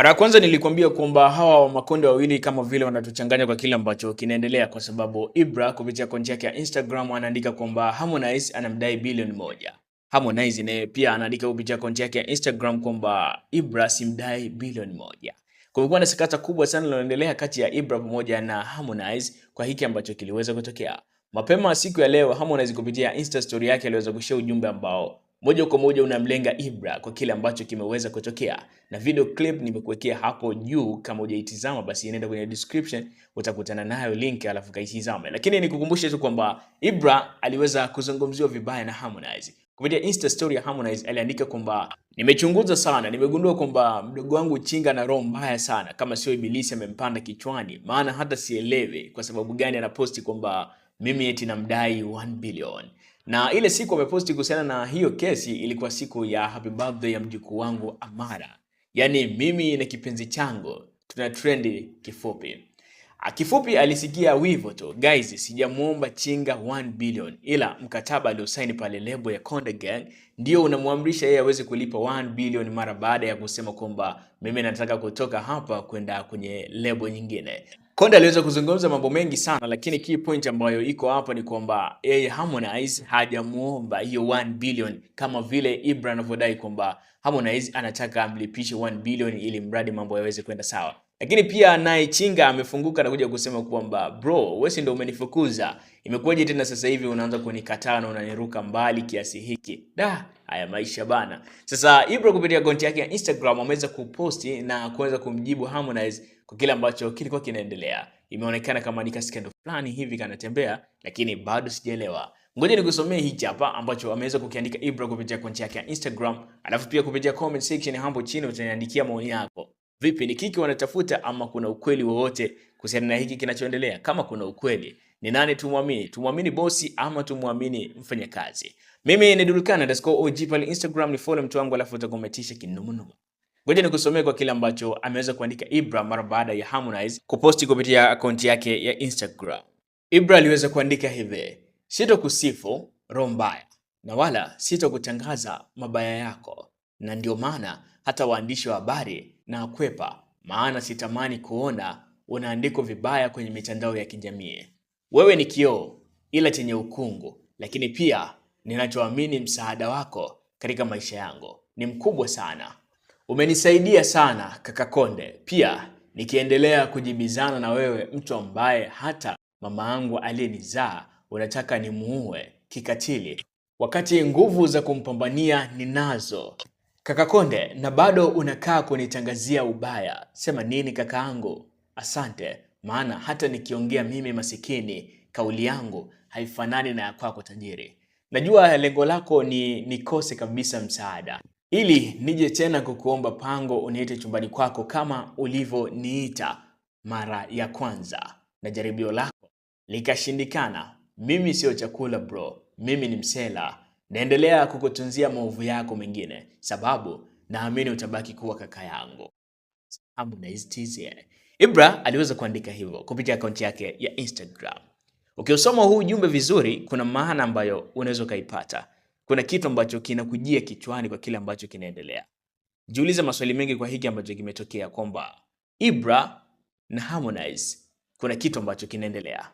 Mara ya kwanza nilikwambia kwamba hawa makonde wawili kama vile wanatuchanganya kwa kile ambacho kinaendelea, kwa sababu Ibra kupitia konti yake ya Instagram anaandika kwamba Harmonize anamdai bilioni moja. Harmonize naye pia anaandika kupitia konti yake ya Instagram kwamba Ibra simdai bilioni moja. Kumekuwa na sakata kubwa sana linaloendelea kati ya Ibra pamoja na Harmonize kwa hiki ambacho kiliweza kutokea. Mapema siku ya leo Harmonize kupitia Insta story yake aliweza kushare ujumbe ambao moja kwa moja unamlenga Ibra kwa kile ambacho kimeweza kutokea, na video clip nimekuwekea hapo juu. Kama hujaitizama basi inaenda kwenye description utakutana nayo link, alafu kaitizame. Lakini nikukumbushe tu kwamba Ibra aliweza kuzungumziwa vibaya na Harmonize kupitia Insta story ya Harmonize. Aliandika kwamba nimechunguza sana, nimegundua kwamba mdogo wangu Chinga na roho mbaya sana, kama sio ibilisi amempanda kichwani, maana hata sielewe kwa sababu gani anaposti kwamba mimi eti namdai 1 billion. Na ile siku wameposti kuhusiana na hiyo kesi ilikuwa siku ya happy birthday ya mjukuu wangu Amara, yaani mimi na kipenzi changu tuna trendi kifupi. Ah, kifupi alisikia wivo tu. Guys, sijamuomba chinga 1 billion, ila mkataba aliosaini pale lebo ya Konde Gang ndio unamwamrisha yeye aweze kulipa 1 billion mara baada ya kusema kwamba mimi nataka kutoka hapa kwenda kwenye lebo nyingine. Konde aliweza kuzungumza mambo mengi sana, lakini key point ambayo iko hapa ni kwamba yeye Harmonize hajamuomba hiyo 1 billion kama vile Ibra anavyodai kwamba Harmonize anataka amlipishe 1 billion ili mradi mambo yaweze kwenda sawa. Lakini pia naye Chinga amefunguka na kuja kusema kwamba bro, wewe si ndio umenifukuza, imekuwaje tena sasa hivi unaanza kunikataa na unaniruka mbali kiasi hiki? Da, haya maisha bana. Sasa Ibro kupitia akaunti yake ya Instagram ameweza kuposti na kuweza kumjibu Harmonize kwa kile ambacho kilikuwa kinaendelea. Imeonekana kama ni kaskendo fulani hivi kanatembea, lakini bado sijaelewa. Ngoja nikusomee hichi hapa ambacho ameweza kukiandika Ibra kupitia akaunti yake ya Instagram, alafu pia kupitia comment section hapo chini utaniandikia maoni yako. Vipi, ni kiki wanatafuta ama kuna ukweli wowote kuhusiana na hiki kinachoendelea? Kama kuna ukweli, ni nani tumwamini? Tumwamini bosi ama tumwamini mfanyakazi? Mimi ni Dulkana underscore OG pale Instagram, ni follow mtu wangu, alafu utakometisha kinomonomo. Ngoja nikusomee kwa kile ambacho ameweza kuandika Ibra mara baada ya Harmonize kuposti kupitia akaunti yake ya Instagram. Ibra aliweza kuandika hivi: sitokusifu roho mbaya na wala sitokutangaza mabaya yako, na ndio maana hata waandishi wa habari na akwepa, maana sitamani kuona unaandikwa vibaya kwenye mitandao ya kijamii. Wewe ni kioo ila chenye ukungu, lakini pia ninachoamini msaada wako katika maisha yangu ni mkubwa sana. Umenisaidia sana kaka Konde, pia nikiendelea kujibizana na wewe, mtu ambaye hata mama yangu aliyenizaa unataka nimuue kikatili, wakati nguvu za kumpambania ninazo. Kaka Konde, na bado unakaa kunitangazia ubaya. Sema nini kakaangu? Asante, maana hata nikiongea mimi masikini, kauli yangu haifanani na ya kwako tajiri. Najua lengo lako ni nikose kabisa msaada ili nije tena kukuomba pango uniite chumbani kwako kama ulivyoniita mara ya kwanza, na jaribio lako likashindikana. Mimi siyo chakula bro, mimi ni msela. Naendelea kukutunzia maovu yako mengine, sababu naamini utabaki kuwa kaka yangu. Ibra aliweza kuandika hivyo kupitia akaunti yake ya Instagram. Ukiusoma huu ujumbe vizuri, kuna maana ambayo unaweza ukaipata. Kuna kitu ambacho kinakujia kichwani kwa kile ambacho kinaendelea. Jiulize maswali mengi kwa hiki ambacho kimetokea, kwamba Ibra na Harmonize kuna kitu ambacho kinaendelea.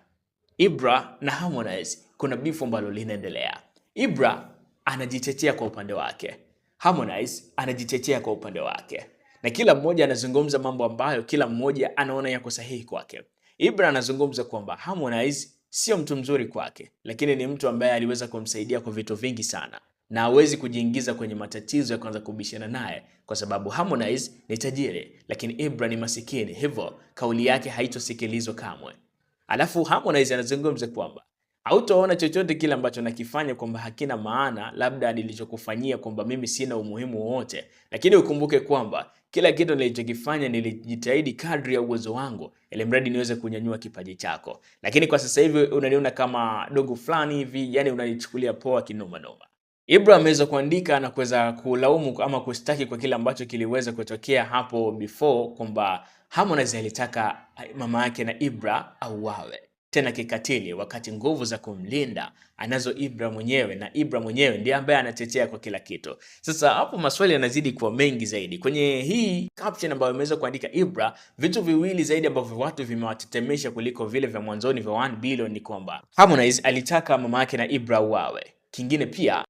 Ibra na Harmonize kuna bifu ambalo linaendelea. Ibra anajitetea kwa upande wake, Harmonize anajitetea kwa upande wake, na kila mmoja anazungumza mambo ambayo kila mmoja anaona yako sahihi kwake. Ibra anazungumza kwamba Harmonize sio mtu mzuri kwake, lakini ni mtu ambaye aliweza kumsaidia kwa vitu vingi sana na hawezi kujiingiza kwenye matatizo ya kuanza kubishana naye kwa sababu Harmonize ni tajiri, lakini Ibra ni masikini, hivyo kauli yake haitosikilizwa kamwe. Alafu Harmonize anazungumza kwamba hautaona chochote kile ambacho nakifanya kwamba hakina maana, labda nilichokufanyia kwamba mimi sina umuhimu wowote. Lakini ukumbuke kwamba kila kitu nilichokifanya nilijitahidi kadri ya uwezo wangu, ili mradi niweze kunyanyua kipaji chako. Lakini kwa sasa hivi unaniona kama dogo fulani hivi, yani unanichukulia poa kinomanoma. Ibra ameweza kuandika na kuweza kulaumu ama kustaki kwa kile ambacho kiliweza kutokea hapo before kwamba Harmonize alitaka mama yake na Ibra auawe tena kikatili, wakati nguvu za kumlinda anazo Ibra mwenyewe na Ibra mwenyewe ndiye ambaye anatetea kwa kila kitu. Sasa hapo maswali yanazidi kuwa mengi zaidi kwenye hii caption ambayo imeweza kuandika Ibra. Vitu viwili zaidi ambavyo watu vimewatetemesha kuliko vile vya mwanzoni vya 1 billion ni kwamba Harmonize alitaka mama yake na Ibra wawe kingine pia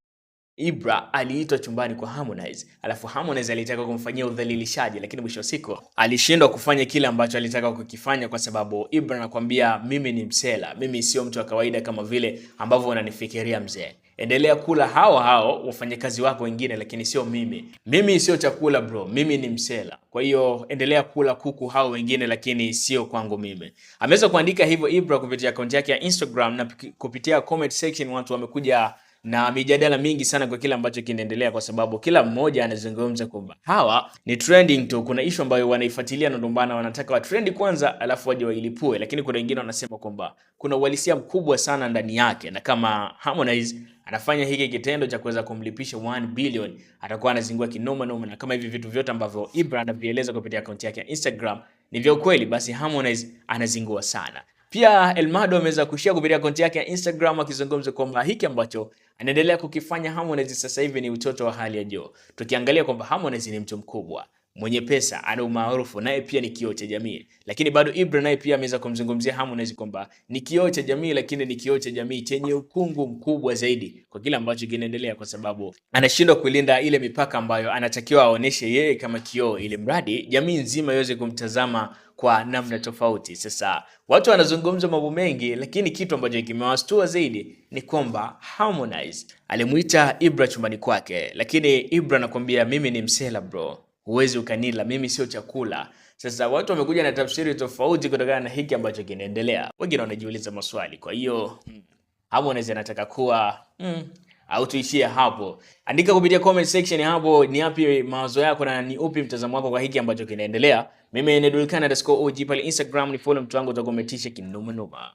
Ibra aliitwa chumbani kwa Harmonize, alafu Harmonize alitaka kumfanyia udhalilishaji, lakini mwisho wa siku alishindwa kufanya kile ambacho alitaka kukifanya, kwa sababu Ibra anakuambia mimi ni msela, mimi sio mtu wa kawaida kama vile ambavyo unanifikiria mzee. Endelea kula hao hao wafanyakazi wako wengine, lakini sio mimi. Mimi sio chakula bro, mimi ni msela. Kwa hiyo endelea kula kuku hao wengine, lakini sio kwangu mimi. Ameweza kuandika hivyo Ibra kupitia akaunti yake ya Instagram, na kupitia comment section watu wamekuja na mijadala mingi sana kwa kile ambacho kinaendelea, kwa sababu kila mmoja anazungumza kwamba hawa ni trending tu. Kuna ishu ambayo wanaifuatilia na ndombana, wanataka wa trend kwanza, alafu waje wailipue. Lakini kuna wengine wanasema kwamba kuna uhalisia mkubwa sana ndani yake, na kama Harmonize anafanya hiki kitendo cha kuweza kumlipisha 1 billion atakuwa anazingua kinoma noma, na kama hivi vitu vyote ambavyo Ibra anavieleza kupitia akaunti yake ya Instagram ni vya ukweli, basi Harmonize anazingua sana. Pia Elmado ameweza kushia kupitia akaunti yake ya Instagram akizungumza kwamba hiki ambacho anaendelea kukifanya Harmonize sasa hivi ni utoto wa hali ya juu, tukiangalia kwamba Harmonize ni mtu mkubwa mwenye pesa, ana umaarufu, naye pia ni kioo cha jamii. Lakini bado Ibra naye pia ameweza kumzungumzia Harmonize kwamba ni kioo cha jamii, lakini ni kioo cha jamii chenye ukungu mkubwa zaidi kwa kile ambacho kinaendelea, kwa sababu anashindwa kulinda ile mipaka ambayo anatakiwa aoneshe yeye kama kioo, ili mradi jamii nzima iweze kumtazama kwa namna tofauti. Sasa watu wanazungumza mambo mengi, lakini kitu ambacho kimewastua zaidi ni kwamba Harmonize alimuita Ibra chumbani kwake, lakini Ibra anakuambia mimi ni msela bro huwezi ukanila, mimi sio chakula. Sasa watu wamekuja na tafsiri tofauti kutokana na hiki ambacho kinaendelea. Wengine wanajiuliza maswali, kwa hiyo hmm, hapo anaweza nataka kuwa mm, au tuishie hapo. Andika kupitia comment section hapo ni yapi mawazo yako na ni upi mtazamo wako kwa hiki ambacho kinaendelea. Mimi ni Dulkan_OG pale Instagram, ni follow mtu wangu utakometisha kinoma noma.